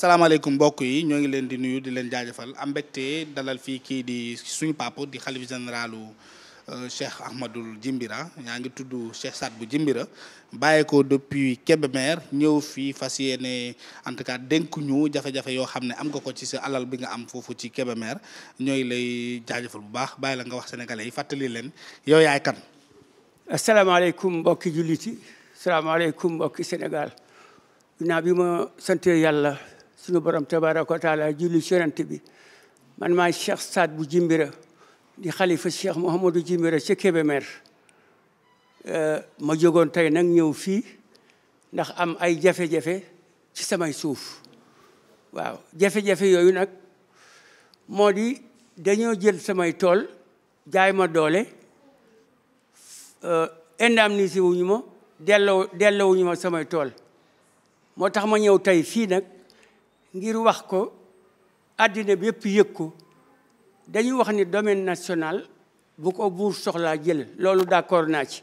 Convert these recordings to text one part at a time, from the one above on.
salaamaaleykum mbokk yi ñoo ngi leen di nuyu di leen jaajëfal am mbégte dalal fii kii di suñu papa di xalif généralu euh, Cheikh Ahmadul Jimbira yaa ngi tudd Cheikh Saat bu Jimbira bàyyi ko depuis Kébémer ñëw fii fas yéene en tout cas dénku ñu jafe-jafe yoo xam ne am nga ko ci si alal bi nga am foofu ci Kébémer ñooy lay jaajëfal bu baax bàyyi la nga wax sénégalais yi fàttali leen yow yaay kan. asalaamaaleykum mbokki jullit yi asalaamaaleykum mbokki yàlla. sunu borom tabaraka wa taala julli ci yonent bi man maay cheikh Saad bu Jimbira di xalifa cheikh Mouhamadou Jimbira ci Kébémer eh, ma jógoon tey nag ñëw fii ndax am ay jafe-jafe ci samay suuf waaw jafe-jafe yooyu nag moo di dañoo jël samay tool jaay ma doole eh, indemnisé wuñu ma dello delloo wuñu ma samay tool moo tax ma ñëw tey fii nag ngir wax ko àddina bi yëpp yëg ko dañuy wax ni domaine national bu ko buur soxlaa jël loolu d'accord naa ci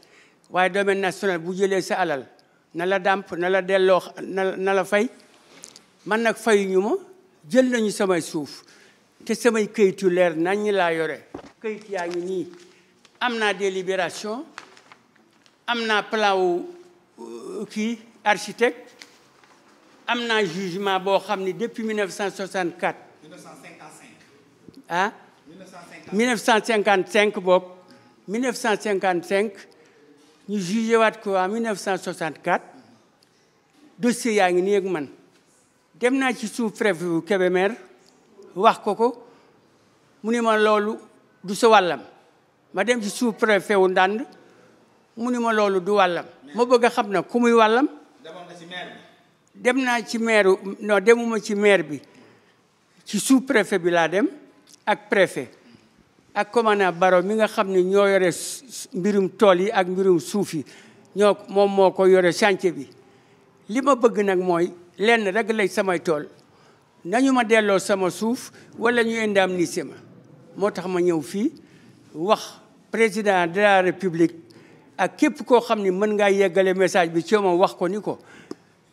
waaye domaine national bu jëlee sa alal na la dàmp na la delloo na la fay man nag fayuñu ma jël nañu samay suuf te samay këyitu leer nañ ñi laa yore këyit yaa ngi nii am naa délibération am naa plan wu euh, kii architecte am naa jugement boo xam ne depuis 1964. 1955. ah. 1955 boobu 1955 ñu jugé waat ko en 1964 dossier yaa ngi nii man dem naa ci sous-préfet bu Kébémer wax ko ko mu ne ma loolu du sa wàllam ma dem ci sous-préfet wu Ndande mu ne ma loolu du wàllam ma bëgg a xam na ku muy wàllam. dem naa ci maire demuma ci maire bi ci sous préfet bi laa dem ak préfet ak commandant Baro mi nga xam ne ñoo yore mbirum tool yi ak mbirum suuf yi ñoo moom moo ko yore chantier bi li ma bëgg nag mooy lenn rek lay samay tool nañu ma delloo sama suuf wala ñu indemniser ma moo tax ma ñëw fii wax président de la république ak képp koo xam ni mën ngaa yeggale message bi ci ma wax ko ni ko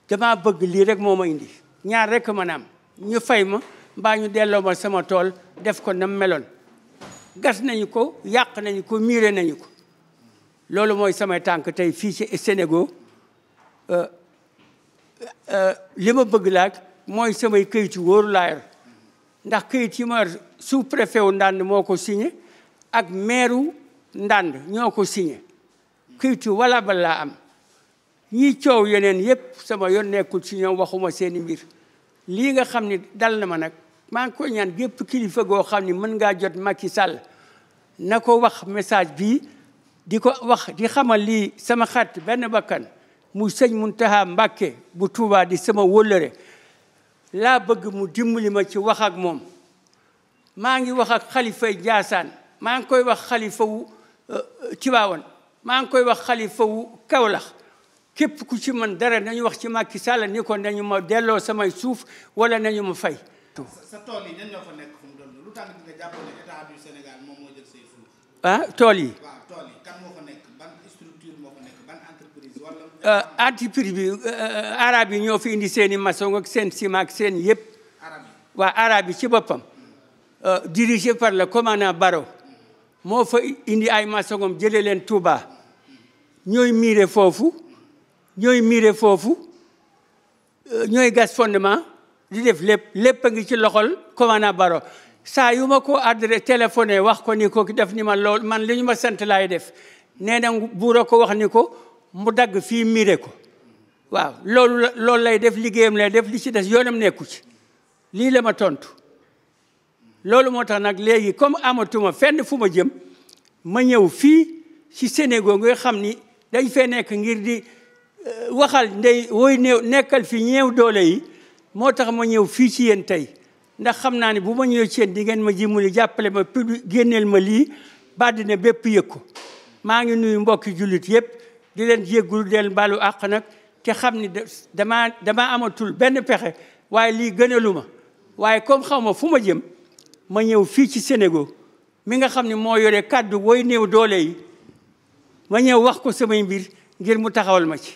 damaa bëgg lii rek moo ma indi ñaar rek ma naam ñu fay ma mbaa ñu delloo ma sama tool def ko nam meloon gas nañu ko yàq nañu ko miire nañu ko loolu mooy sama tànk tey fii ci Sénégal euh, euh, li ma bëgg laaj mooy samay këyit yu wóoru laa ndax këyit yi ma yor sous wu ndànd moo ko signé ak meeru wu ndànd ñoo ko signé këyit yu wala ba laa am yii coow yeneen yépp sama yoon nekkul ci ñoom waxuma seeni mbir lii nga xam ni dal na ma nag maa ngi koy ñaan gépp kilifa goo xam ni mën ngaa jot Macky Sall na ko wax message bii di ko wax di xamal lii sama xarit benn bakkan mu sëñ Muntaxa mbakke bu Tuubaa di sama wóllëre laa bëgg mu dimbali ma ci wax ak moom maa ngi wax ak xalifay Njaasaan maa ngi koy wax xalifa wu euh, maa ngi koy wax xalifa Kawlax képp ku ci man dara nañu wax ci Macky Sall ni ko nañu ma delloo samay suuf wala nañu ma fay. sa tool yi ñan lu tax nga jàpp moo ah, tool yi. waaw tool euh, bi euh, euh, arabe yi ñoo fi indi seen i maçon ak seen ciment ak seen yëpp. arabe yi waa arabe yi ci boppam. dirigé par le commandant Barrow moo fa indi ay maçon am jëlee leen Touba ñooy miire foofu. ñooy miire foofu euh, ñooy gas fondement di def lépp lépp a ngi ci loxol commandant Baro saa yu ko adressé téléphone wax ko ni ko def ni ma lool man li ñu ma sant laay def nee na buur ko wax ni ko mu dagg fii miire ko waaw loolu loolu lay def liggéeyam lay def li ci des yoonam nekku ci lii la ma tontu loolu moo tax nag léegi comme amatuma fenn fu ma jëm ma ñëw fii ci Sénégal nga xam ni dañ fee nekk ngir di Euh, waxal ndey woy néew nekkal fi ñeew doole yi moo tax ma ñëw fii ci yéen tey ndax xam naa ne bu ma ñëwee ci yéen di ngeen ma jimuli jàppale ma pub génneel ma lii bàddina bépp yëg ko maa ngi nuyu mbokki jullit yëpp di leen jéggul deen balu àq nag te xam ni dama damaa amatul benn pexe waaye lii gënalu waaye comme xaw ma fu ma jëm ma ñëw fii ci Sénégal mi nga xam ne moo yore kàddu woy néew doole yi ma ñëw wax ko samay mbir ngir mu taxawal ma ci